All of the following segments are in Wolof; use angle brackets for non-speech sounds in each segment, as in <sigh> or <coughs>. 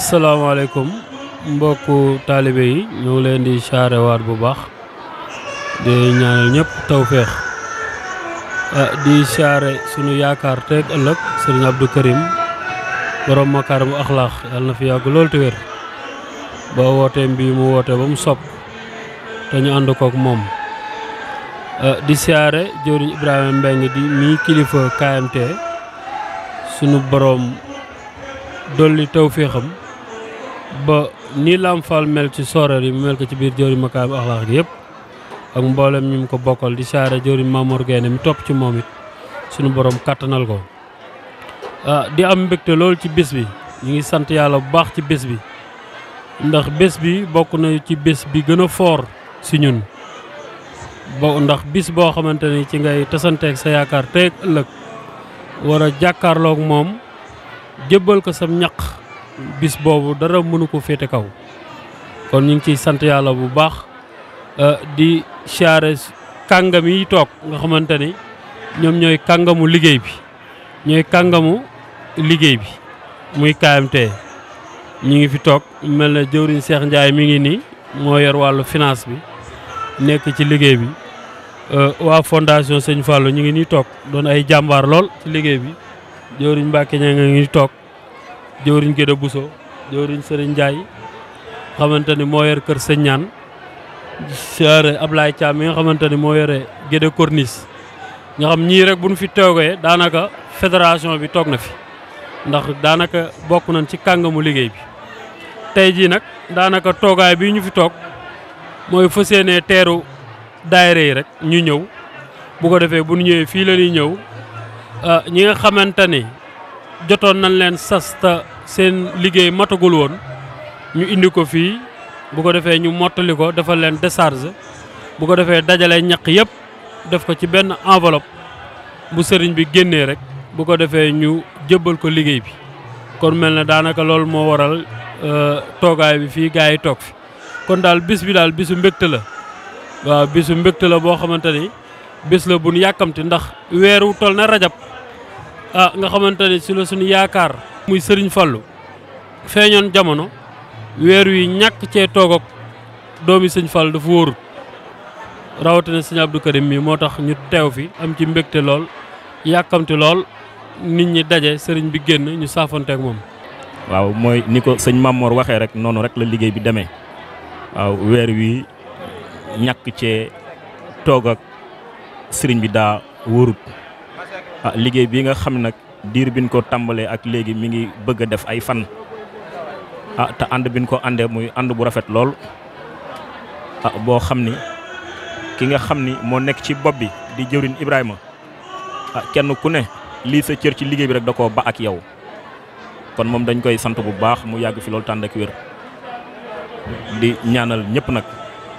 asalaamaaleykum mbokku taalibe yi ñu leen di saarewaat bu baax di ñaanal ñëpp tawféex eh, di saare sunu yaakaar teeg ëllëg sëriñ Abdou Karim borom makaarimu axlaax yàlla na fi yàgg lool wér ba wootee mbii mu woote ba mu sopp te ñu ànd kook moom eh, di saare jëwriñ Ibrahima Mbeng di mii kilifa KMT sunu boroom dolli tawféexam ba nii Lamp mel ci soror yi mu mel ko ci biir jëwriñ Makaabu Axlaaq gi yëpp ak mboolem ñu ko bokkal di saare jëwriñ Mamour Guèye mi topp ci moom it suñu boroom kattanal ko ah, di am mbégte loolu ci bés bi ñu ngi sant yàlla bu baax ci bés bi ndax bés bi bokk na ci bés bi gën a foor si ñun bo ndax bés boo xamante ni ci ngay tasanteeg sa yaakaar teeg ëllëg war a jàkkaarloog moom jébbal ko sam ñaq bis boobu dara mënu ko féete kaw kon ñu ngi ciy sant yàlla bu baax euh, di siyaare kàngam yi toog nga xamante ni ñoom ñooy kàngamu liggéey bi ñooy kàngamu liggéey bi muy KMT ñu ngi fi toog mel na jëwriñ Cheikh Ndiaye mi ngi nii moo yor wàllu finance bi nekk ci liggéey bi euh, waa fondation Sëñ Fallou ñu ngi nii toog doon ay jàmbaar lool ci liggéey bi jëwriñ Mbacke nga ngi toog jëwriñ Géda Bousso jëwriñ Serigne Ndiaye xamante ni moo yor kër sëññaan ñaan siyaare Ablaye Thiam mi nga xamante ni moo yore Géda Corniche nga xam ñii rek bu ñu fi toogee daanaka fédération bi toog na fi ndax daanaka bokk nañ ci kàngamu liggéey bi tey jii nag daanaka toogaay bi ñu fi toog mooy fas yéenee teeru daayira yi rek ñu ñëw bu ko defee bu ñu ñëwee fii la ñëw ah, ñi nga xamante ni jotoon nañ leen sasta seen liggéey matagul woon ñu indi ko fii bu ko defee ñu mottali ko defal leen décharge bu ko defee dajale ñaq yëpp def ko ci benn enveloppe bu sëriñ bi génnee rek bu ko defee ñu jébbal ko liggéey bi kon mel na daanaka loolu moo waral euh, toogaay bi fii gaa yi toog fi kon daal bés bi daal bisu mbégte la waaw bisu mbégte la boo xamante ni bés la bu yàkkamti ndax weeru tol na rajab ah nga xamante ne si la suñu yaakaar muy sëriñ Fallou feeñoon jamono weer wi ñàkk cee toog doomi sëñ Fallou dafa wóorut rawatina sëñ Abdou Karim mi moo tax ñu teew fi am ci mbégte lool yàkkamti lool nit ñi daje sëriñ bi génn ñu saafanteek moom waaw mooy ni ko sëñ Mamor waxee rek noonu rek la liggéey bi demee waaw weer wi ñàkk cee toog sëriñ bi daa wóorut a ah, liggéey bi nga xam nag diir biñ ko tàmbalee ak léegi mi ngi bëgg a def ay fan ah te ànd biñ ko àndee muy ànd bu rafet lool a ah, boo xam ni ki nga xam ni moo nekk ci bopp bi di jëwriñ Ibrahima ah kenn ku ne lii sa cër ci liggéey bi rek da ko ba ak yow kon moom dañ koy sant bu baax mu yàgg fi loolu tànd ak di ñaanal ñëpp nag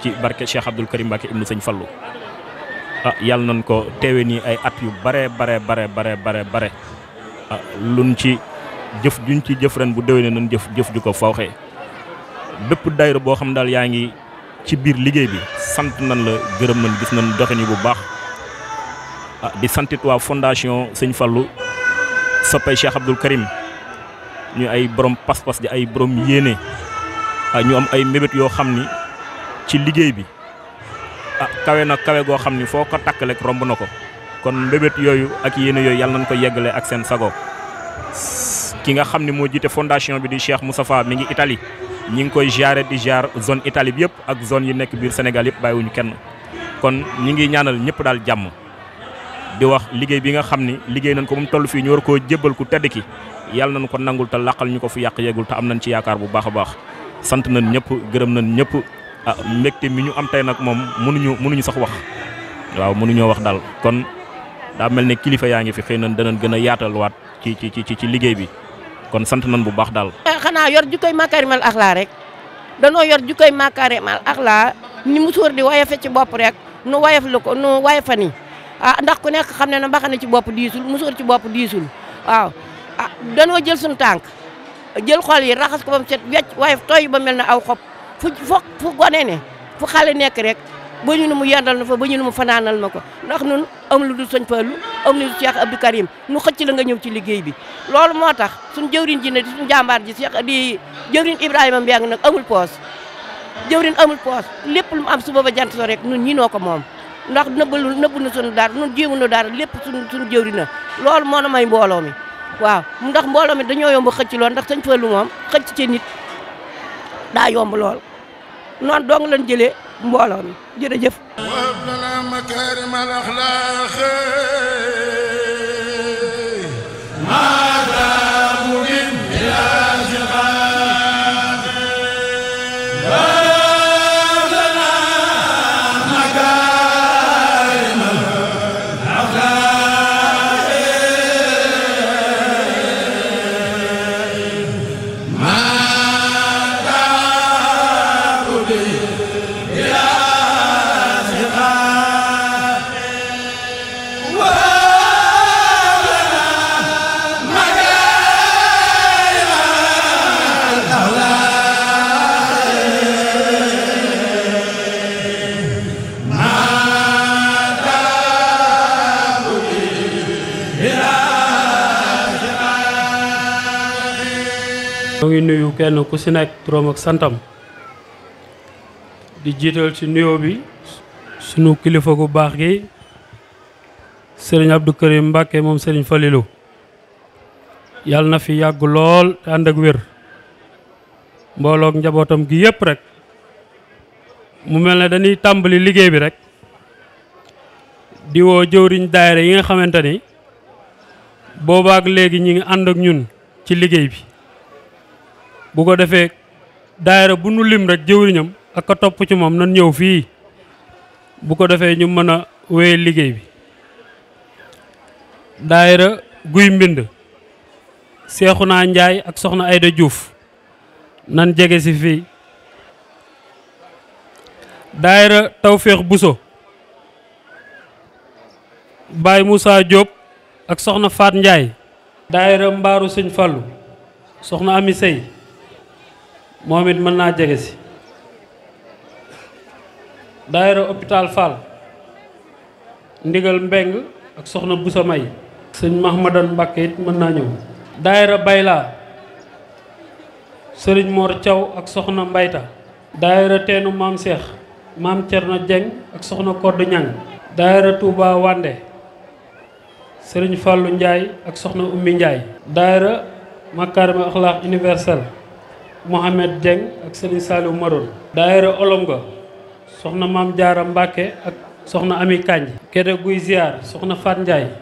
ci barke Cheikh Abdoul Karim Mbacké ibnu Sëñ Fallou ah yàlla nañ ko teewe nii ay at yu bare bare bare bare bare bare ah, luñ ci jëf juñ ci jëf bu déwénee nañ jëf jëf ju ko fawxee bépp dayra boo xam daal yaa ngi ci biir liggéey bi sant nan la gërëm nañ gis nañ doxe ni bu baax ah di santit waa fondation sëñ Fallou soppay Cheikh Abdoul Karim ñu ay borom pas-pas di ay borom yéene ah ñu am ay mébét yoo xam ni ci liggéey bi kawe na kawe goo xam ni foo ko takk rek romb na ko kon mbébét yooyu ak yéene yooyu yàlla nañ ko yeggale ak seen sago ki nga xam ne moo jiite fondation bi di Cheikh Moustapha mi ngi Italie ñi ngi koy jaare di jaar zone Italie bi yëpp ak zone yi nekk biir senegal yëpp bàyyiwuñu kenn kon ñi ngi ñaanal ñëpp daal jàmm di wax liggéey bi nga xam ni liggéey nañ ko moom toll fii ñu war koo jébbal ku tedd ki yàlla nañ ko nangul te làqal ñu ko fi yàq yeegul te am nañ ci yaakaar baax a baax ah mbégte mi ñu am tey nag moom mënuñu mënuñu sax wax waaw mënuñoo wax daal kon daa mel ne kilifa yaa ngi fi xëy na danañ gën a yaatalwaat ci ci ci ci liggéey bi kon sant nañ bu baax daal. Eh, xanaa yor jukkoy makaarimal axlaa rek danoo yor jukkoy makaarimal axlaa ni musóor di wayafe ci bopp rek nu wayaf la ko nu wayafa ni ah ndax ku nekk xam ne na mbaxane ci bopp diisul musóor ci bopp diisul waaw ah danoo jël suñu tànk jël xol yi raxas ko ba mu set ba na aw fu foog fu gone ne fu xale nekk rek ba ñu mu yendal na fa ba ñu nu mu fanaanal ma ko ndax nun am lu dul sëñ Fallou am lu dul Cheikh Abdou Karim nu xëcc la nga ñëw ci liggéey bi loolu moo tax suñ jëwriñ ji ne suñ jàmbaar ji Cheikh di jëwriñ Ibrahima Mbengue nag amul poos jëwriñ amul poos lépp lu mu am suba ba jant so rek nun ñi noo ko moom ndax nëbbalu nëbb na suñu dara nun na dara lépp suñ suñu jëwriñ na loolu moo na may mbooloo mi waaw ndax mbooloo mi dañoo yomb xëcc lool ndax sëñ Fallou moom xëcc ci nit daa yomb lool noonu dong lañ jëlee mbooloo mi jërëjëf. nuyu kenn ku si nekk turam santam di jiital ci nuyoo bi sunu kilifa gu baax gi sëriñ kër Karim Mbàkke moom sëriñ Falilou yàlla na fi yàggu lool te ànd ak wér mboolook njabootam gi yëpp rek mu mel ne dañuy tàmbali liggéey bi rek diwoo woo jëwriñ daayira yi nga xamante ni boobaak léegi ñi ngi ànd ak ñun ci liggéey bi bu ko defee daayira bu nu lim rek jëwriñam ak a topp ci moom nan ñëw fii bu ko defee ñu mën a wéyal liggéey bi daayira guy mbind naa Njaay ak soxna Ayda juuf nan jege si fii daayira Tawféex Buso Baay Moussa Diop ak soxna Faat Njaay daayira mbaaru sëñ Fallu soxna Ami Sey moom it mën naa jege si daayira hôpital Fall ndigal mbeng ak soxna Boussa May sëñ Mahmadan Mbàkke it mën naa ñëw daayira Bayla sëriñ Mor Thiaw ak soxna Mbayta daayira teenu maam Cheikh maam Cerno Jeng ak soxna Kodd Ñang daayira Touba Wande sëriñ Fàllu Njaay ak soxna Ummi Njaay daayira Makarima Akhlaq Universel Mohamed Dieng ak Serigne Saliou Maroon daayira Olongo soxna Maam Jaara Mbàkke ak soxna Ami Kanj Gédé Guy Ziar soxna Fat Ndiaye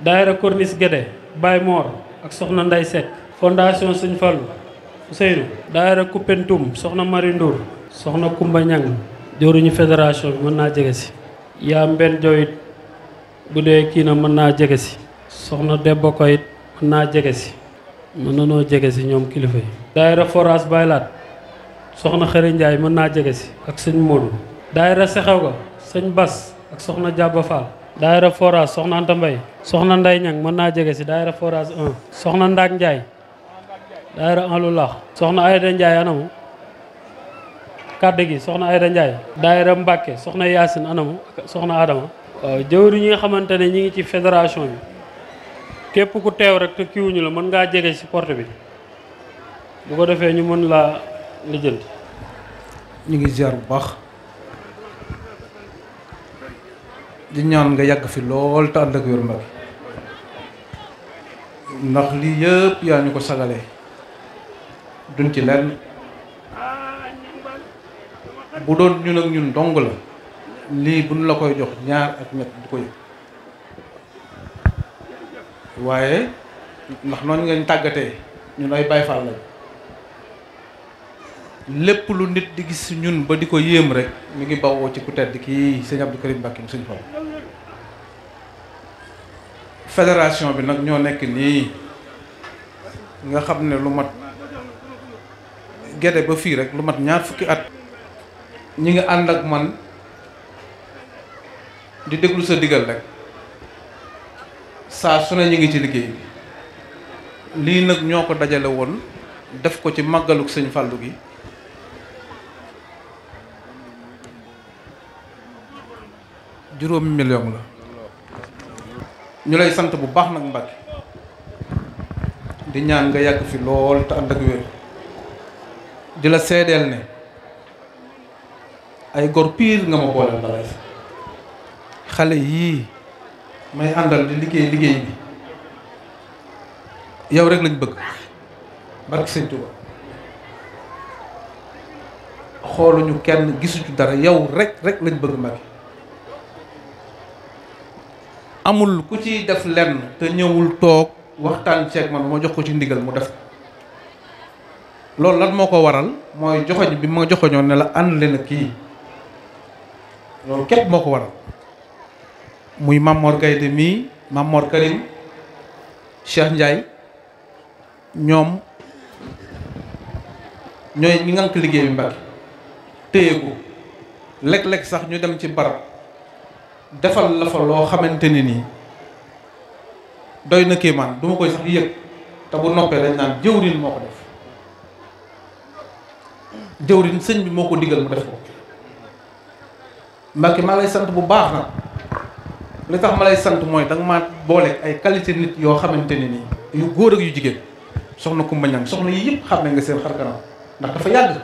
daayira Corniche Gédé Baye Mor ak soxna Nday Seck fondation Sëñ Fallu Ousseynou daayira Koupentoum soxna Mari Ndour soxna Kumba Ñang jooruñu fédération mën naa jege si yaa mbenn jooyit bu dee kii na mën naa jege si soxna Debba ko mën naa jege si mën na noo jege si ñoom kilifa yi daayira forage baylaat soxna xëri njaay mën naa jege si ak sëñ Modou daayira sexew ga sëñ bas ak soxna jàbba faal daayira forage soxna Anta Mbay soxna nday ñang mën naa jege si daayira forage 1 soxna ndaak njaay daayira alu laax soxna ayda njaay anamu kàddu gi soxna ayda njaay daayira mbàkke soxna yaasin anamu soxna adama waaw jëwri ñi nga xamante ne ñu ngi ci fédération bi képp ku teew rek te kiwuñu la mën ngaa jege ci porte bi bu ko defee ñu mën laa lijjanti ñu ngi ziar bu baax di ñaan nga yàgg fi lool te ànd ak wér mbag ndax lii yëpp yaa ñu ko sagale duñ ci lenn bu doon ñun ak ñun dong la lii buñ la koy jox ñaar ak ñett du ko yëg waaye ndax noonu ngeen tàggatee ñun ay Baay Faal lépp lu nit di gis ñun ba di ko yéem rek mi ngi bawoo ci ku tedd kii sëñ Abdou Karim Mbakke sëñ Fall fédération bi nag ñoo nekk nii nga xam ne lu mat gede ba fii rek lu mat ñaar fukki at ñi ngi ànd ak man di déglu sa digal rek saa su ne ñu ngi ci liggéey bi lii nag ñoo ko dajale woon def ko ci màggaluk sëñ fàllu gi juróomi million la ñu lay sant bu baax nag Mbàkke di ñaan nga yàgg fi lool te ànd ak wér di la seedeel ne ay gor piir nga ma boole la xale yii may àndal di liggéey liggéey bi yow rek lañ bëgg barke sëñ Tuba xooluñu kenn gisuñu dara yow rekk rek lañ bëgg Mbàkke amul ku ci def lenn te ñëwul toog waxtaan ceeg man moo jox ko ci ndigal mu def loolu lan moo ko waral mooy joxoñ bi ma joxoñoo ne la ànd leen kii loolu képp moo ko waral muy Mamor Gaynde mii Mamor Karim Cheikh Ndiaye ñoom ñooy ñi ngànk liggéey bi Mbàkke téye ko léeg-léeg sax ñu dem ci barab defal la fa loo xamante ni nii doy na kéemaan du ma koy sax yëg te bu noppee dañ naan jëwriñ moo ko def jëwriñ sëñ bi moo ko digal mu def ko Mbàkke maa lay sant bu baax nag li tax ma lay sant mooy danga ma maa boole ay qualité nit yoo xamante ne nii yu góor ak yu jigéen soxna Kumba Ñang soxna yi yëpp xam ne nga seen xar ndax dafa yàgg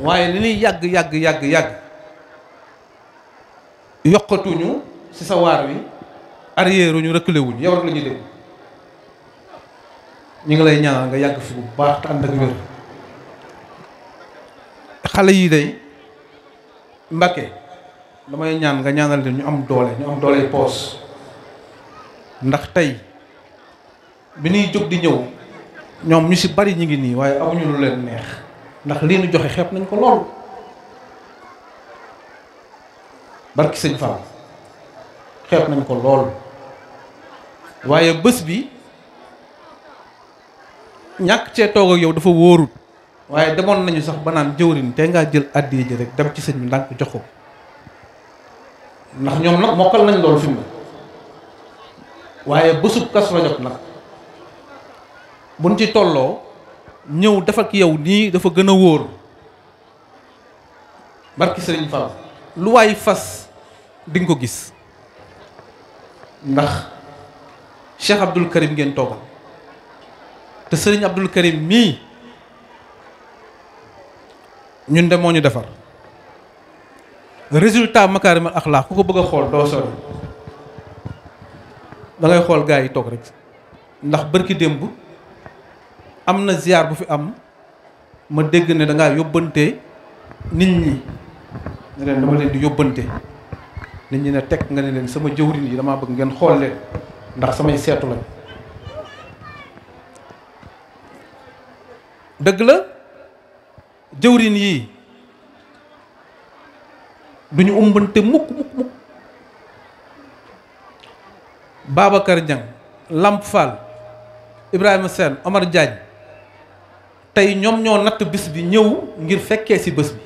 waaye li nuy yàgg yàgg yàgg yàgg yokkatuñu ci sa waar wi arrière ñu reculé wuñ yow rek la ñu ngi lay ñaanal nga yàgg fi bu baax te ànd ak wér xale yi day Mbakke damay ñaan nga ñaanal leen ñu am doole ñu am doole poos ndax tey bi ñuy jóg di ñëw ñoom ñu si bari ñi ngi nii waaye amuñu lu leen neex ndax lii nu joxe xeeb nañ ko lool barki sëñ Fall xeeb nañ ko lool waaye bés bi ñàkk cee toog yow dafa wóorut waaye demoon nañu sax ba naan jëwriñ te ngaa jël addi ji rek dem ci sëñ bi ndànk jox ko ndax ñoom nag mokkal nañ loolu fi mu waaye bésub Kazu Rajab nag buñ ci tolloo ñëw def ak yow nii dafa gën a wóor barki sëriñ Fall lu waay fas di ko gis ndax Cheikh Abdul Karim ngeen toogal te sëriñ Abdul Karim mii ñun de moo ñu defar résultat makaarimal axlaax ku ko bëgg a xool doo sori dangay xool gaa yi toog rek ndax bërki démb am na ziar bu fi am ma dégg ne dangaa ngaa yóbbante nit ñi ne dama leen di yóbbante nit ñi ne teg nga ne leen sama jëwriñ yi damaa bëgg ngeen xool leen ndax samay seetu lañ dëgg la jëwriñ yii duñu umbante mukk mukk mukk Babacar Dieng Lamp Fall Ibrahima Sène Omar Diagne tey ñoom ñoo natt bis bi ñëw ngir fekkee si bés bi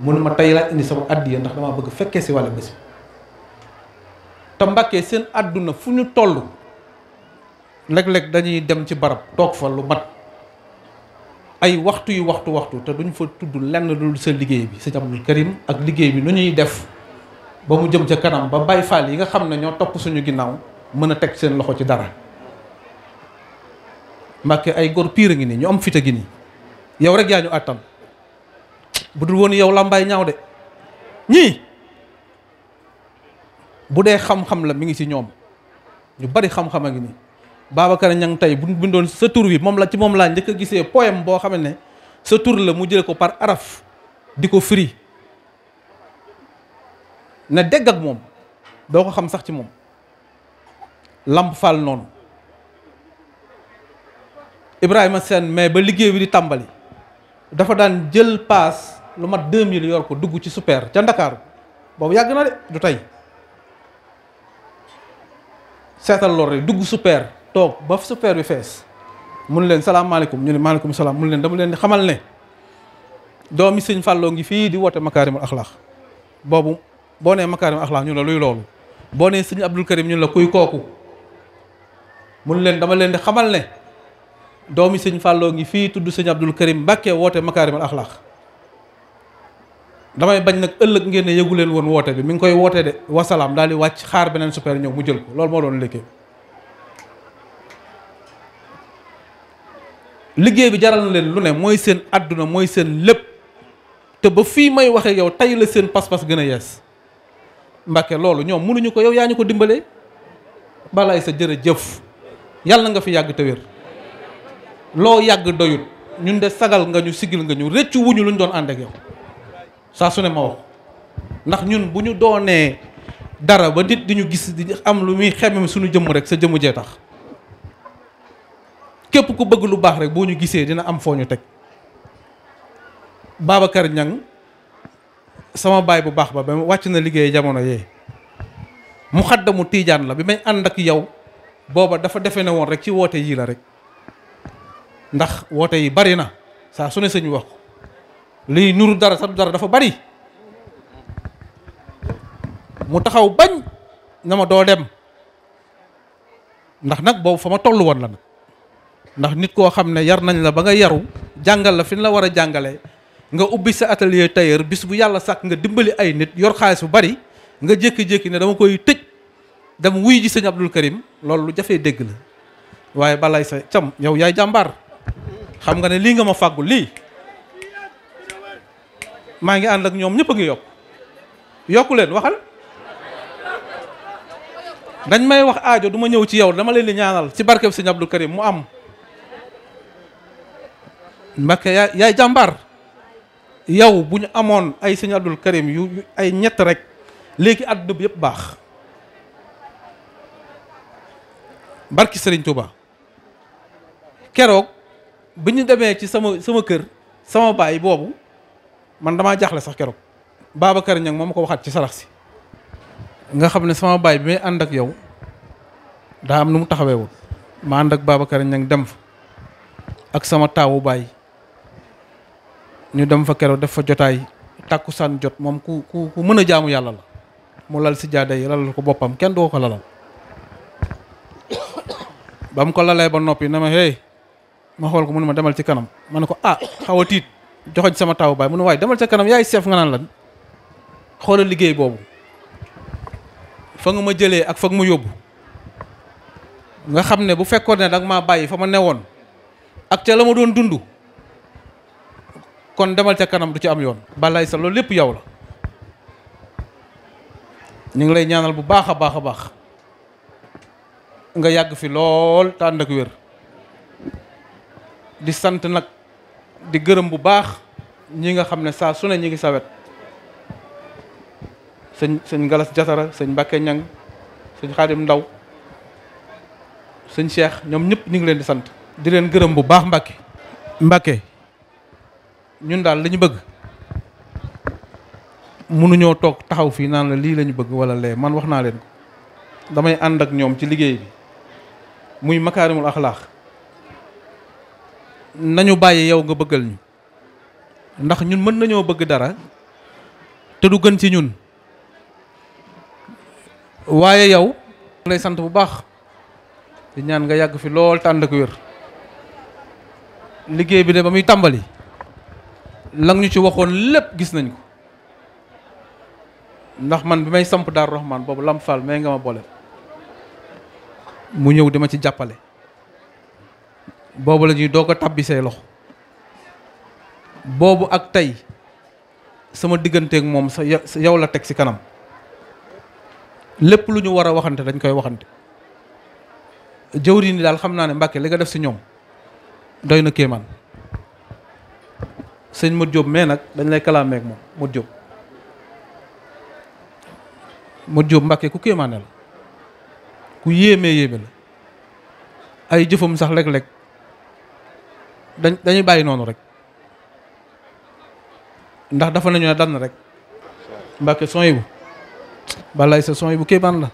mënuma tey laa indi sama àddiya ndax damaa bëgg fekkee si wàllu bés bi te Mbàkke seen àdduna fu ñu toll léeg-léeg dañuy dem ci barab toog fa lu mat ay waxtu yu waxtu waxtu te duñ fa tudd lenn dul sa liggéey bi sëñ Abdou Karim ak liggéey bi nu ñuy def ba mu jëm ca kanam ba bàyyi Fall yi nga xam ne ñoo topp suñu ginnaaw mën a teg seen loxo ci dara Mbàkke ay góor piir a ngi nii ñu am fita gi nii yow rek yaa ñu àttan bu dul woon yow làmbaay ñaaw de ñii bu dee xam-xam la mi ngi ci ñoom ñu bari xam-xam a ngi nii Babacar Niang tey bu bindoon sa tur moom la ci moom laa njëkk a gisee poème boo xam ne sa tur la mu jële ko par araf di ko firi ne dégg ak moom doo ko xam sax ci moom Lamp Fall noonu Ibrahima Sène mais ba liggéey bi di tàmbali dafa daan jël paas lu mat 2000 yor ko dugg ci super ca Ndakaaru boobu yàgg na de du tey seetal loolu dugg super toog ba su feer bi fees mun leen salaamaaleykum ñu ne maaleykum salaam mun leen dama leen di xamal ne doomi sëñ Fallou ngi fii di woote makaarimul axlaax boobu boo nee makaarimul ñu la luy boo nee sëñ Abdul ñu la kuy kooku mun leen dama leen di xamal ne doomi sëñ Fallou ngi fii tudd sëñ Abdul Karim Mbàkke woote makaarimul axlaax damay bañ nag ëllëg ngeen ne yëgu leen woon woote bi mi ngi koy woote de wasalaam daal di wàcc xaar beneen super ñëw mu jël ko loolu moo doon liggéey liggéey bi jaral na leen lu ne mooy seen àdduna mooy seen lépp te ba fii may waxee yow tey la seen pas-pas gën a yees Mbàkke loolu ñoom mënuñu ko yow yaa ñu ko dimbalee balaay sa jëf yàlla nga fi yàgg te wér loo yàgg doyut ñun de sagal nga ñu sigil nga ñu rëccu wuñu luñ doon ànd ak yow saa su ne ma wax ndax ñun bu ñu doonee dara ba nit di ñu gis di am lu muy xemem suñu jëmm rek sa jëmm jee tax képp ku bëgg lu baax rek boo ñu gisee dina am foo ñu teg Babacar Niang sama baay bu baax ba ba wàcc na liggéey jamono yee mu xadda mu tiijaan la bi may ànd ak yow booba dafa defe ne woon rek ci woote yii la rek ndax woote yi bari na saa su ne sañu wax ko liy nuru dara sax dara dafa bari mu taxaw bañ na ma doo dem ndax nag boobu fa ma toll woon la nag ndax nit koo xam ne yar nañ la ba nga yaru jàngal la fi ñu la war a jàngale nga ubbi sa atelier tailleur bis bu yàlla sàkk nga dimbali ay nit yor xaalis bu bari nga jékki-jékki ne dama koy tëj dem wuy ji sëñ Abdul Karim loolu lu jafee dégg la waaye balay sa cam yow yaay jàmbaar xam nga ne lii nga ma fàggu lii maa ngi ànd ak ñoom ñëpp a ngi yokk yokku leen waxal dañ may wax aajo du ma ñëw ci yow dama leen di ñaanal ci barkeb sëñ Abdul Karim mu am Mbacke yaa yaay jàmbaar yow bu ñu amoon ay sëñ Abdul Karim yu ay ñett rek léegi àdduna bi yëpp baax barki Serigne Touba keroog bi ñu demee ci sama sama kër sama baay boobu man damaa jaaxle sax keroog Babacar Niang moom ko waxaat ci sarax si nga xam ne sama baay bi may ànd ak yow daa am nu mu taxawee woon ma ànd ak Babacar Niang dem fa ak sama taawu baay ñu dem fa keroog def fa jotaay saan jot moom ku ku ku mën a jaamu yàlla la mu lal si jaada yi lalal ko boppam kenn doo ko lalal <coughs> ba mu ko lalee ba noppi na ma hey ma xool ko mu ne ma demal ci kanam ma ne ko ah xaw a tiit joxoñ sama taw baay mu ne waaye demal sa kanam yaay seef nga naan lan xoolal liggéey boobu fa nga ma jëlee ak fa nga ma yóbbu nga xam ne bu fekkoon ne danga maa bàyyi fa ma newoon ak ca la ma doon dund kon demal ca kanam du ci am yoon balaay sa loolu lépp yow la ñu ngi lay ñaanal bu baax a baax a baax nga yàgg fi lool te ànd wér di sant nag di gërëm bu baax ñi nga xam ne saa su ne ñi ngi sawet sëñ sëñ Galas Jatara sëñ Mbàkke Ñang sëñ Xaadim Ndaw sëñ Cheikh ñoom ñëpp ñu ngi leen di sant di leen gërëm bu baax Mbàkke Mbàkke ñun daal lañu bëgg mënuñoo toog taxaw fii naan la lii lañu bëgg wala lee man wax naa leen ko damay ànd ak ñoom ci liggéey bi muy makaarimul axlaax nañu bàyyi yow nga bëggal ñu ndax ñun mën nañoo bëgg dara te du gën ci ñun waaye yow lay sant bu baax di ñaan nga yàgg fi lool tànd ak wér liggéey bi de ba muy tàmbali lang ñu ci waxoon lépp gis nañ ko ndax man bi may samp Daaru Rahman boobu Lamp Fall may nga ma boole mu ñëw dama ci jàppale boobu la ñuy doo ko tabbi say loxo boobu ak tey sama digganteeg moom sa yow la teg ci kanam lépp lu ñu war a waxante dañ koy waxante jëwriñ ni daal xam naa ne Mbàkke li nga def ci ñoom doy na kéemaan sëñ Modou jóob mais nag dañ lay kalaamee moom Modou Diop Modou Diop Mbàkke ku kéemaane la ku yéemee yéeme la ay jëfam sax léeg-léeg dañ dañuy bàyyi noonu rek ndax dafa nañu ne dann rek Mbàkke son yi bu balay sa son bu kéemaan la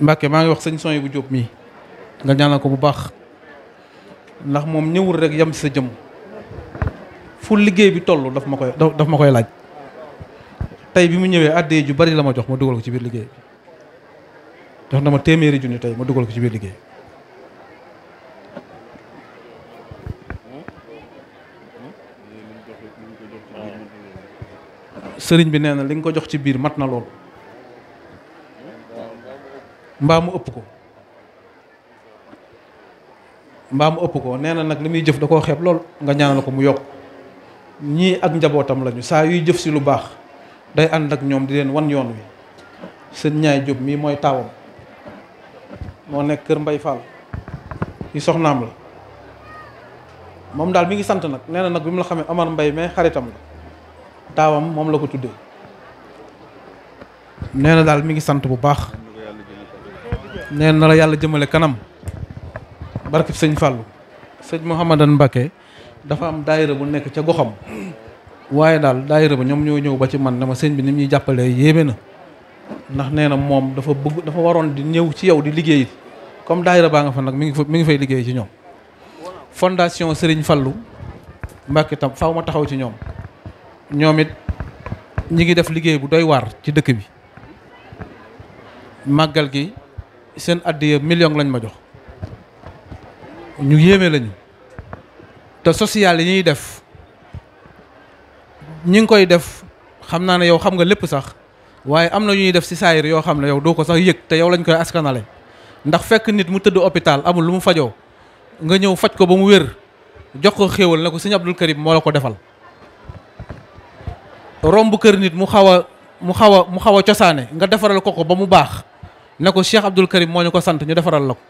Mbàkke maa ngi wax sëñ son yi bu jóob mii nga ñaanal ko bu baax ndax moom ñëwul rek yam ci sa jëmm fu liggéey bi toll daf ma koy daf ma koy laaj tey bi mu ñëwee addee ju bari la ma jox ma dugal ko ci biir liggéey bi na ma téeméeri junni ma dugal ko ci biir liggéey sëriñ bi nee na li nga ko jox ci biir mat na lool mbaa mu ëpp ko mbaa mu ëpp ko nee na nag li muy jëf da koo xeeb lool nga ñaanal ko mu yokk ñii ak njabootam lañu saa yuy jëf si lu baax day ànd ak ñoom di leen wan yoon wi sëñ ñaay Jóob mii mooy taawam moo nekk kër Mbay Fall yi soxnaam la moom daal mi ngi sant nag nee na nag bi mu la xamee Amar Mbay mais xaritam la taawam moom la ko tuddee nee daal mi ngi sant bu baax nee la yàlla jëmale kanam barkeb sëñ Fàllu sëñ Mouhamadan Mbacké dafa am daayira bu nekk ca goxam waaye daal daayira ba ñoom ñoo ñëw ba ci man ma sëñ bi ni ñuy jàppalee yéeme na ndax nee na moom dafa bëgg dafa waroon di ñëw ci yow di liggéey comme daayira baa nga fa nag mi ngi fa mi ngi fay liggéey ci ñoom fondation Serigne Fallou Mbacké tam faaw ma taxaw ci ñoom ñoom it ñi ngi def liggéey bu doy waar ci dëkk bi màggal gi seen addiya million lañ ma jox ñu yéeme lañu te social yi ñuy def ñi ngi koy def xam naa ne yow xam nga lépp sax waaye am na yu ñuy def si saayir yoo xam ne yow doo ko sax yëg te yow lañu koy askanale ndax fekk nit mu tëdd hôpital amul lu mu fajoo nga ñëw faj ko ba mu wér jox ko xéewal na ko sëñ Abdul Karim moo la ko defal romb kër nit mu xaw a mu xaw a mu xaw a cosaane nga defaral ko ko ba mu baax ne ko Cheikh Abdul Karim moo ñu ko sant ñu defaral la ko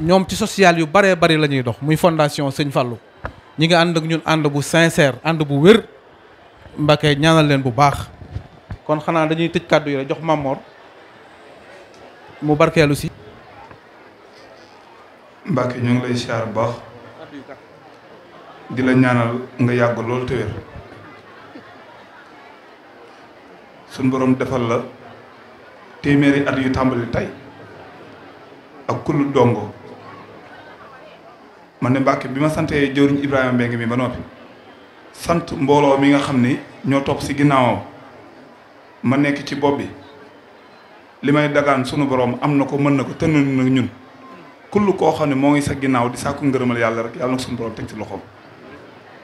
ñoom ci social yu baree bari la ñuy dox muy fondation Sëñ Fallou ñi ngi ànd ak ñun ànd bu sincère ànd bu wér Mbacke ñaanal leen bu baax kon xanaa dañuy tëj kàddu yi la jox Mamor mu barkeelu si. Mbacke ñu ngi lay siyaar bu baax di la ñaanal nga yàgg loolu te wér suñ borom defal la téeméeri at yu tàmbali tey ak kullu dongo man ne Mbàkke bi ma santee jëwriñ Ibrahima Mbengue mi ba noppi sant mbooloo mi nga xam ni ñoo topp si ginnaawam ma nekk ci bopp bi li may dagaan sunu boroom am na ko mën na ko tënnu na ñun kull koo xam ne moo ngi sa ginnaaw di sàkku ngërëmal yàlla rek yàlla na ko sunu borom teg ci loxoom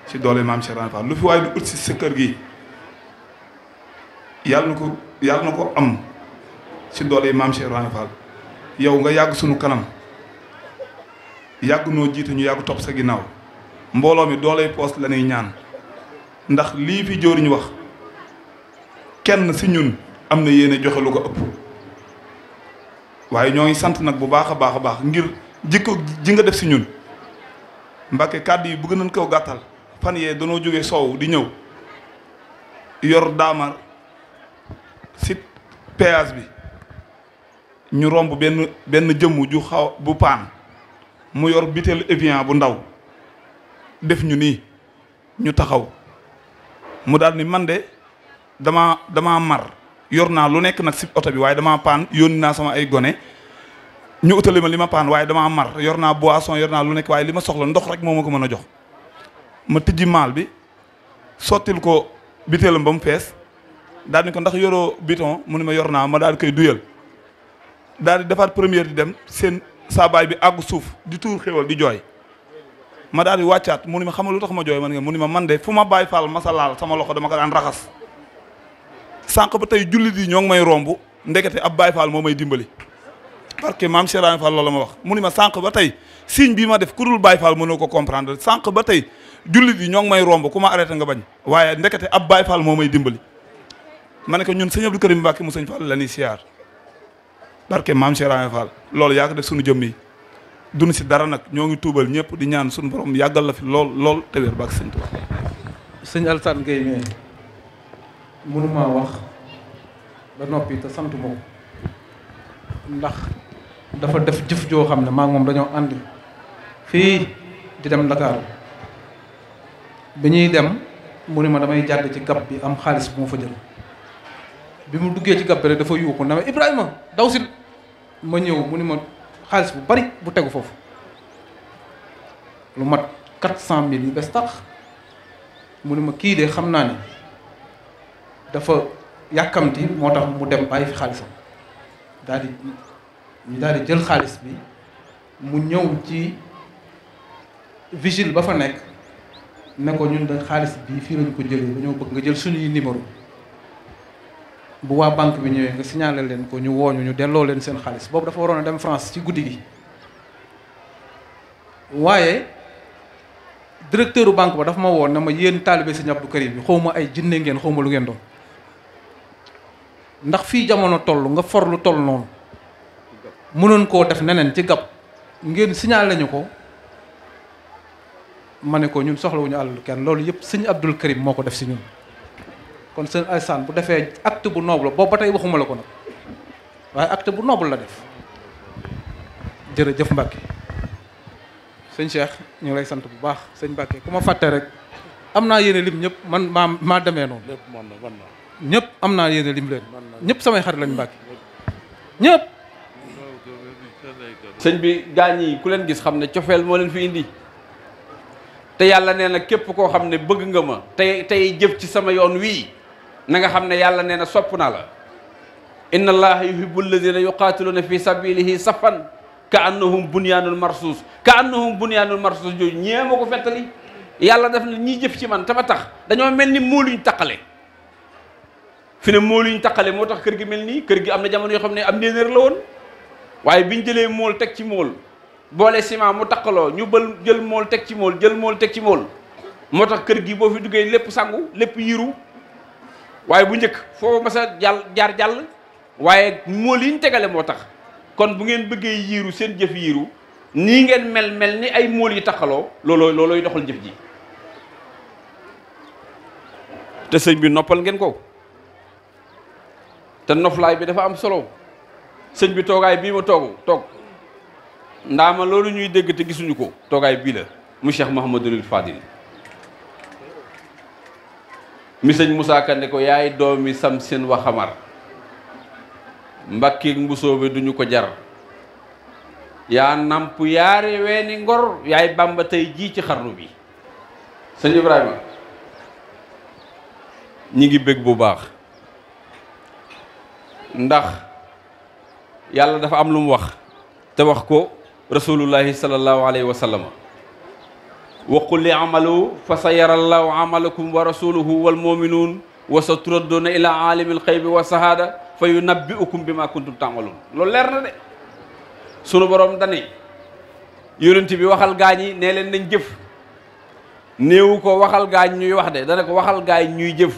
ci doole maam Cheikh Ibra Fall lu fi waaye du ut si sa kër gi yàlla na ko yàlla na ko am si doole maam Cheikh Ibra yow nga yàgg sunu kanam. yàgg noo jiite ñu yàgg topp sa ginnaaw mbooloo mi doolay poos la ñaan ndax lii fi jóoriñ wax kenn si ñun am na yéene joxe lu ko ëpp waaye ñoo ngi sant nag bu baax a baax a baax ngir jikko ji nga def si ñun mbàkke kàdd yi bëgg nañ koo gàttal fan yee danoo jóge soow di ñëw yor daamar si péage bi ñu romb benn benn jëmm ju xaw bu paan mu yor bitéelu Evian bu ndaw def ñu nii ñu taxaw mu daal ni man de dama damaa mar yor naa lu nekk nag si oto bi waaye dama paan yónni naa sama ay gone ñu utali ma li ma paan waaye damaa mar yor naa boisson yor naa lu nekk waaye li ma soxla ndox rek moo ma ko mën a jox ma tijji maal bi sottil ko bitéelam ba mu fees daal ni ko ndax yoroo biton mu ne ma yor naa ma daal di koy duyal daal di defaat première di dem seen saa baay bi àgg suuf di tuur xéwal di jooy ma daal wàccaat mu ni ma xam lu tax ma jooy ma nga mu ni ma man de fu ma bàyyi faal ma sa laal loxo dama ko raxas sànq ba tey jullit yi ñoo ngi may romb ndekete ab baay faal moo may dimbali. parce que maam Serigne Fall loolu ma wax mu ni ma sànq ba tey signe bii ma def ku dul baay faal mënoo ko comprendre sànq ba tey jullit yi ñoo ngi may romb ku ma arrêté nga bañ waaye ndekete ab baay faal moo may dimbali. ma ne ñun sëñ Abdou Karim Mbacke mu sëñ Fall la ñuy siyaar barke maam Cheikh Rahane loolu yaa ko def suñu jëmm yi dunu si dara nag ñoo ngi tuubal ñëpp di ñaan suñu borom yàggal la fi lool lool te wér bak sëñ Tuubaa sëñ Alassane Gueye mais wax ba noppi te sant ma ndax dafa def jëf joo xam ne maa moom dañoo ànd fii di dem Dakar bi ñuy dem mu ne ma damay jàdd ci gab bi am xaalis bu ma fa jël bi mu duggee ci gab bi rek dafa yuuxu na ma Ibrahima daw si ma ñëw mu ne ma xaalis bu bari bu tegu foofu lu mat quatre cent mil yu bees tax mu ni ma kii de xam naa ne dafa yàkkamti moo tax mu dem bàyyi fi xaalisam daal di ñu di jël xaalis bi mu ñëw ci vigile ba fa nekk ne ko ñun da xaalis bii fii lañu ko jëlee ñëw bëgg nga jël suñuy numéro bu waa banque bi ñëwee nga signalé leen ko ñu wooñu ñu delloo leen seen xaalis boobu dafa waroon a dem France ci guddi gi waaye directeur u banque ba dafa ma woon na ma yéen taalibe Sëñ Abdou Karim bi xaw ma ay jinne ngeen xaw ma lu ngeen doon ndax fii jamono toll nga for lu toll noonu mënoon koo def neneen ci gab ngeen signalé ñu ko ma ne ko ñun soxlawuñu àll kenn loolu yëpp Sëñ Abdou Karim moo ko def si ñun kon sëñ Alassane bu defee acte bu noble la ba tey waxuma la ko nag waaye acte bu noble la def jërëjëf Mbacke sëñ Cheikh ñu ngi lay sant bu baax sëñ Mbacke ku ma fàtte rek am naa yéene lim ñëpp man maa maa demee noonu. lépp man na man na. ñëpp am naa yéene lim leen. ñëpp samay xare lañ Mbacke ñëpp. sëñ bi gaañ yi ku leen gis xam ne cofeel moo leen fi indi. te yàlla nee na képp koo xam ne bëgg nga ma tey tey jëf ci sama yoon wii na nga xam ne yàlla nee na sopp naa la inna allaha yuhibbu alladina yuqaatiluuna fi sabilihi safan ka annahum bunyaanul marsuus ka annahum bunyaanul marsuus jooju ñee ma ko fettali yàlla def na ñi jëf ci man tama tax dañoo mel ni mooluñ taqale fi ne mooluñ taqale moo tax kër gi mel nii kër gi am na jamono yoo xam ne am ndéenéer la woon waaye bi ñu jëlee mool teg ci mool boole ciment mu taqaloo ñu bël jël mool teg ci mool jël mool teg ci mool moo tax kër gi boo fi duggee lépp sangu lépp yiru waaye bu njëkk foo masa a jàll jaar jàll waaye mool yi ñu tegale moo tax kon bu ngeen bëggee yiiru seen jëf yiiru nii ngeen mel mel ni ay mool yi taxaloo looloo loolooy doxal jëf ji te sëñ bi noppal ngeen ko te noflaay bi dafa am solo sëñ bi toogaay bii ma toogu toog ndaama loolu ñuy dégg te gisuñu ko toogaay bii la mu Cheikh Mouhamadoul Fadil mi sëñ Moussa Ka ne ko yaay doomi sam seen waxamar mbakki mbusoo bi duñu ko jar yaa nàmp yaare weeni ngor yaay bàmba tey jii ci xarnu bi sëñ Ibrahima ñi ngi bég bu baax ndax yàlla dafa am lu mu wax te wax ko rasulullahi sallallahu alayhi wa sallam wa qul li amalu fa sa yara llahu amalakum wa rasuluhu wal muminuun wa sa turadduuna ila aalimi lxaybi wa sahaada fa yunabbiukum bi ma kuntum taamaluun loolu leer na de sunu borom dane yonent bi waxal gaañ yi nee leen nañ jëf néewu ko waxal gaañ ñuy wax de dana ko waxal gaañ ñuy jëf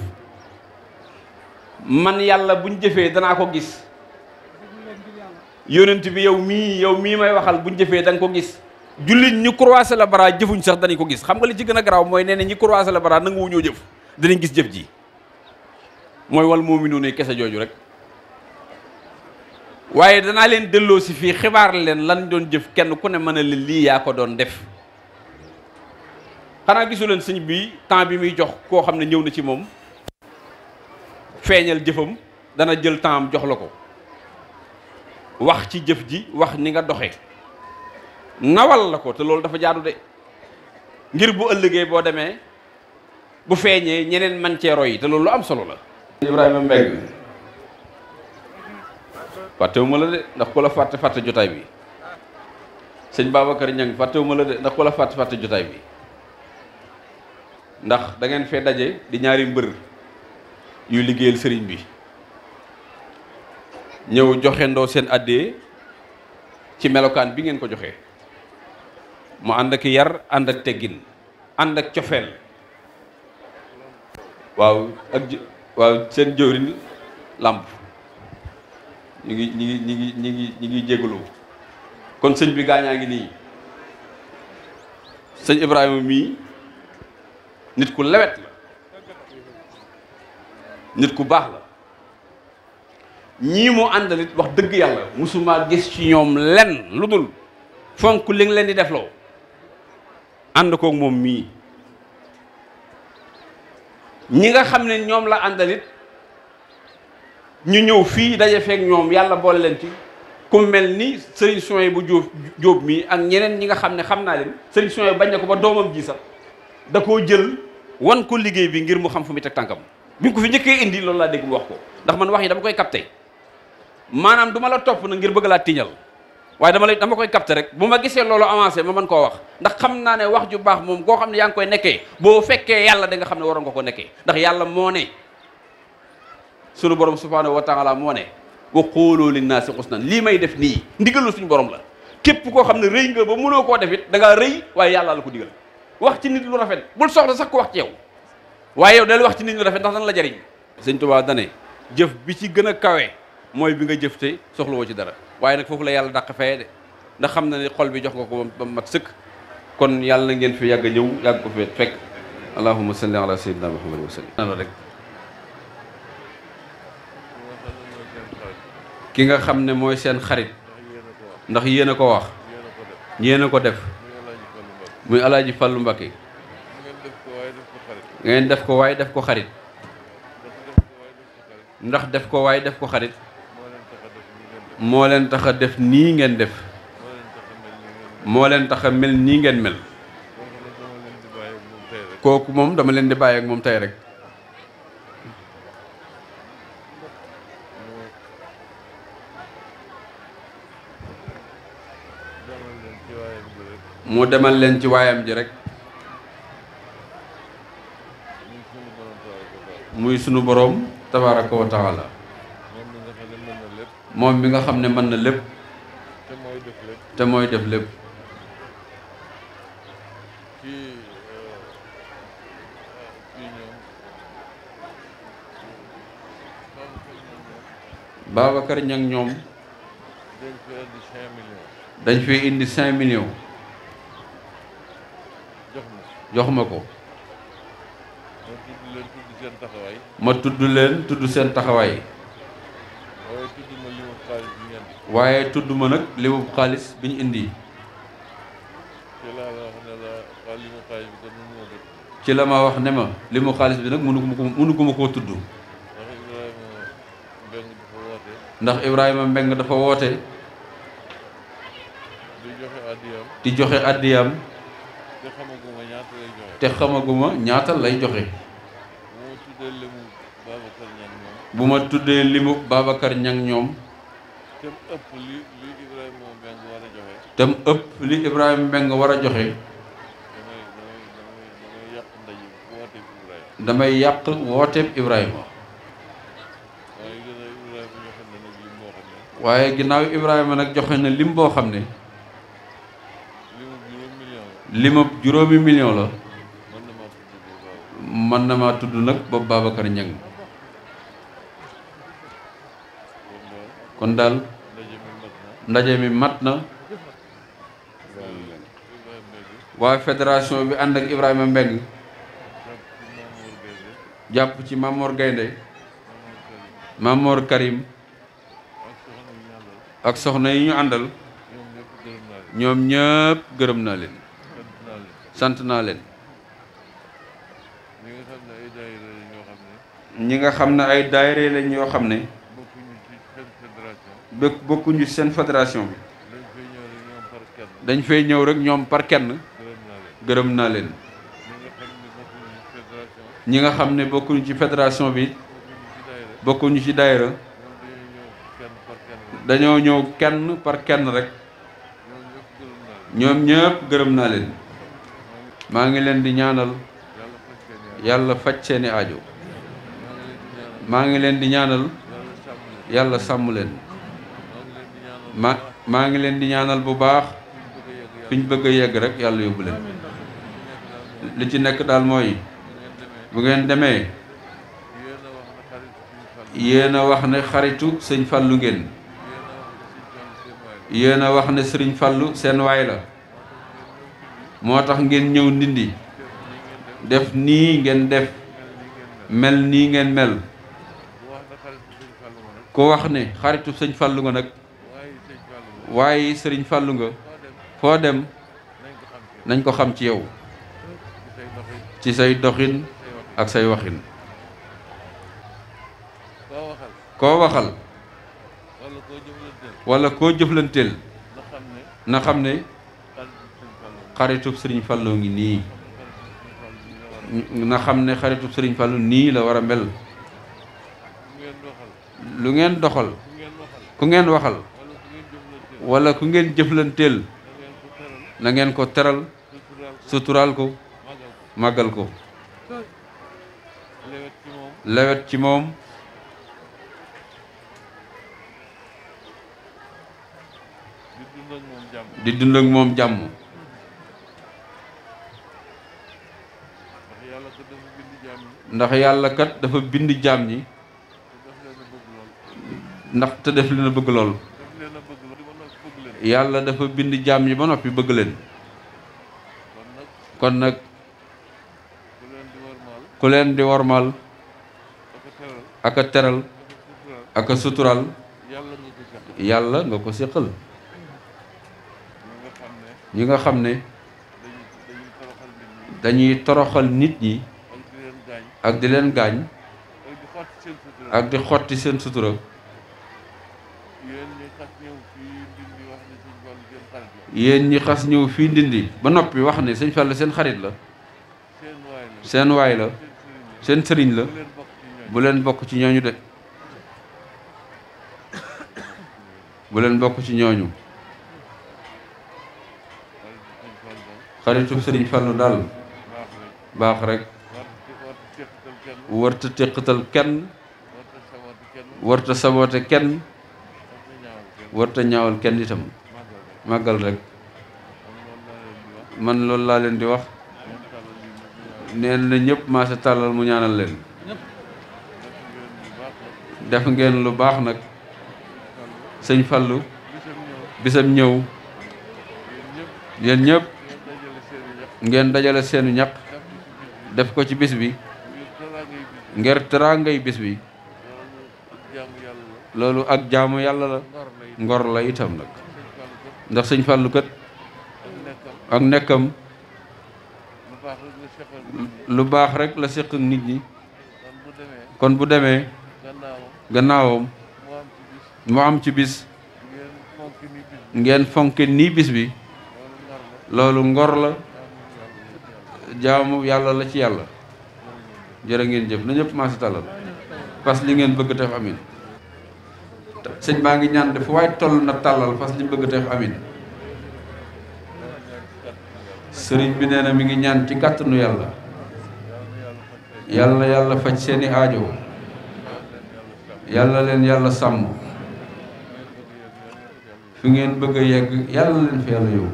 man yàlla buñ jëfee danaa ko gis yonent bi yow mii yow mii may waxal buñ jëfee da ko gis jullit ñu croiser la baraa jëfuñ sax danañ ko gis xam nga li ci gën a garaw mooy nee ñi croiser la bara nanguwu ñoo jëf danañ gis jëf ji mooy wal mu'minuuna kese jooju rek waaye danaa leen delloo si fii xibaar leen lan doon jëf kenn ku ne mën a leen lii yaa ko doon def xanaa gisu leen sëñ bi temps bi muy jox koo xam ne ñëw na ci moom feeñal jëfam dana jël temps jox la ko wax ci jëf ji wax ni nga doxe nawal la ko te loolu dafa jaadu de ngir bu ëllëgee boo demee bu feeñee ñeneen man cee roy yi te loolu lu am solo la. Ibrahima Mbeng fàttewuma la de ndax ku la fàtte fàtte jotaay bi sëñ Babacar Ñang fàttewuma la de ndax ku la fàtte fàtte jotaay bi ndax dangeen ngeen fee daje di ñaari mbër yuy liggéeyal sëriñ bi ñëw joxe ndoo seen àddee ci melokaan bi ngeen ko joxe. mu ànd ak yar ànd ak teggin ànd ak cofeel waaw ak waaw seen jëwriñ làmp ñu ngi ñu ngi ñu ngi ñu ngi ñu ngi jégalu kon sëñ bi gaañaa ngi nii sëñ Ibrahima mii nit ku lewet la nit ku baax la ñii moo àndal it wax dëgg yàlla musuma gis ci ñoom lenn lu dul fonk li nga leen di defloo ànd koog moom mii ñi nga xam ne ñoom la àndalit ñu ñëw fii daje feek ñoom yàlla boole leen ci ku mel ni sëriñ Souhaïbou bu jóob jóob mii ak ñeneen ñi nga xam ne xam naa leen sëriñ Souhaïbou bañ na ko ba doomam ji da koo jël wan ko liggéey bi ngir mu xam fu mu teg tànkam bi ko fi njëkkee indi loolu laa dégg mu wax ko ndax man wax yi dama koy capté maanaam du la topp na ngir bëgg laa tiñal waaye dama lay dama koy capté rek bu ma gisee loolu avancé ma man koo wax ndax xam naa ne wax ju baax moom koo xam ne yaa ngi koy nekkee boo fekkee yàlla da xam ne waroon nga ko nekkee ndax yàlla moo ne sunu borom subhanahu wa taala moo ne wa qulu linnaasi xusnan lii may def nii ndigalu suñu borom la képp koo xam ne rëy nga ba mënoo koo def it da rëy waaye yàlla la ko digal wax ci nit lu rafet bul soxla sax ko wax ci yow waaye yow del wax ci nit rafet ndax dan la jariñ sëñ Tuubaa dane jëf bi ci gën a kawe mooy bi nga jëf te soxlawoo ci dara waaye nag foofu la yàlla daq feye de ndax xam na ne xol bi jox nga ko ba mat sëkk kon yàlla ngeen fi yàgg a ñëw yàgg ko fi fekk allahumma salli ala sayyidina muhammad wa ki nga xam ne mooy seen xarit ndax yéen a ko wax yéen a ko def muy alaaji Fàllu Mbakke ngeen def ko waaye def ko xarit ndax def ko waaye def ko xarit moo leen tax a def nii ngeen def moo leen tax a mel nii ngeen mel kooku moom dama leen di bàyyi ak moom tay rek mu demal leen ci waayam ji rek muy sunu boroom tabaraka wa moom mi nga xam ne mën na lépp te mooy def lépp euh, euh, Babacar Niang ñoom dañ fee indi cinq millions jox ma ko ma tudd leen tudd seen taxawaay waaye tudd ma nag limub xaalis bi ñu indi. ci la ma wax ne ma limu xaalis bi nag mënu koo tudd. ndax Ibrahima Mbeng dafa woote. di joxe àddiyaam. te xamaguma ñaata lay joxe. te xamaguma ñaata lay joxe. bu ma tuddee limu Babacar ñaŋ ñoom tem ëpp li li Ibrahima Mbeng war a joxe damay yàq wooteeb Ibrahima waaye ginnaaw Ibrahima nag joxe na lim boo xam ne limub juróomi million la mën na maa tudd nag boobu Babacar Niang kon daal ndaje mi mat na waa fédération bi ànd ak Ibrahima Mbeng jàpp ci Mamor Gaynde Mamor Karim ak soxna yi ñu àndal ñoom ñëpp gërëm naa leen sant naa leen ñi nga xam ne ay daayira lañ yoo xam ne bé bokkuñu seen fédération bi dañ fay ñëw rek ñoom par kenn gërëm naa leen ñi nga xam ne bokkuñu ci fédération bi bokkuñu ci daayira dañoo ñëw kenn par kenn rek ñoom ñëpp gërëm naa leen maa ngi leen di ñaanal yàlla faj seeni ajo maa ngi leen di ñaanal yàlla sàmm leen ma maa ngi leen di ñaanal bu baax fi ñu bëgg a yegg rek yàlla yóbbu leen li ci nekk daal mooy bu ngeen demee yéen a wax ne xaritu sëñ Fallou ngeen yéen a wax ne sëriñ Fallou seen waay la moo tax ngeen ñëw ndindi def nii ngeen def mel nii ngeen mel ku wax ne xaritu sëñ Fallou nga nag waaye sëriñ fàllu nga foo dem nañ ko xam ci yow ci say doxin ak say waxin koo waxal wala koo jëflanteel na xam ne xaritub sëriñ fàllu ngi nii na xam ne xaritub sëriñ fàllu nii la war a mel lu ngeen doxal ku ngeen waxal wala ku ngeen jëflanteel na ko teral suturaal ko màggal ko lewet ci moom di dund ak moom jàmm ndax yàlla kat dafa bind jàmm yi ndax te def li bëgg lool yàlla dafa bind jaam yi ba noppi bëgg leen kon nag ku leen di wormal ak a teral ak a sutural yàlla nga ko séqal ñi nga xam ne dañuy toroxal nit ñi ak di leen gaañ ak di xotti seen sutura yéen ñi xas ñëw fii ndindi ba noppi wax ne sëñ Fallu seen xarit la seen waay la seen sëriñ la bu leen bokk ci ñooñu de bu leen bokk ci ñooñu xaritu sëriñ Fallu daal baax rek warta téqatal kenn warta sabote kenn warta ñaawal kenn itam màggal rek man loolu laa leen di wax neen na ñëpp maa sa tàllal mu ñaanal leen def ngeen lu baax nag sëñ falu bisam ñëw yéen ñëpp ngeen dajale seenu ñaq def ko ci bis bi ngir teraangay bis bi loolu ak jaamu yàlla la ngor la itam nag ndax sëñ Fallou kat ak nekkam lu baax rek la séq ak nit ñi kon bu demee gannaawam mu am ci bis ngeen fonke nii bis bi loolu ngor la jaamu yàlla la ci yàlla jërë ngeen jëf na ñëpp maa si talal parce que li ngeen bëgg def amin sëñ baa ngi ñaan dafa waaye toll na tàllal fas li bëgg teef amin sëriñ bi nee na mi ngi ñaan ci kàttanu yàlla yàlla yàlla faj seeni aajo yàlla leen yàlla sàmm fi ngeen bëgg a yegg yàlla leen fi yàlla yow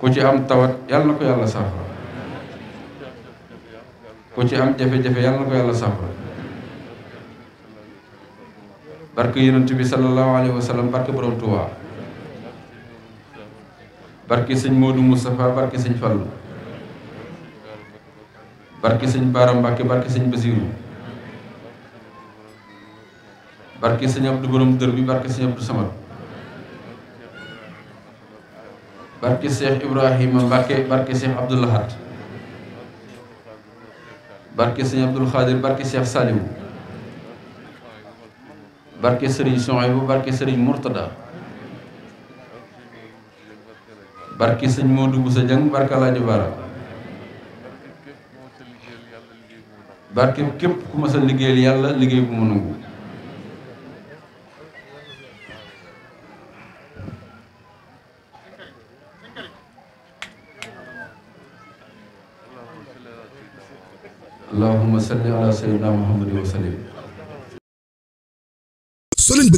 ku ci am tawat yàlla na ko yàlla saafara ku ci am jafe-jafe yàlla na ko yàlla saafara barke yonent bi sallallahu alayhi wa sallam barke borom barke sëñ Modou Moustapha barke sëñ Fallou barke sëñ Baara Mbacke barke sëñ Basirou barke sëñ Abdou borom bi barke sëñ Abdou Samad barke Cheikh Ibrahima barke barke sëñ Abdoul Khadir barke Cheikh Saliou barke sëriñ Souhaïbou barke sëriñ Mourtada barke sëñ Modou Boussa Dieng barke Alaaji Bara barke képp ku mas a liggéeyal yàlla liggéey bu mu nangu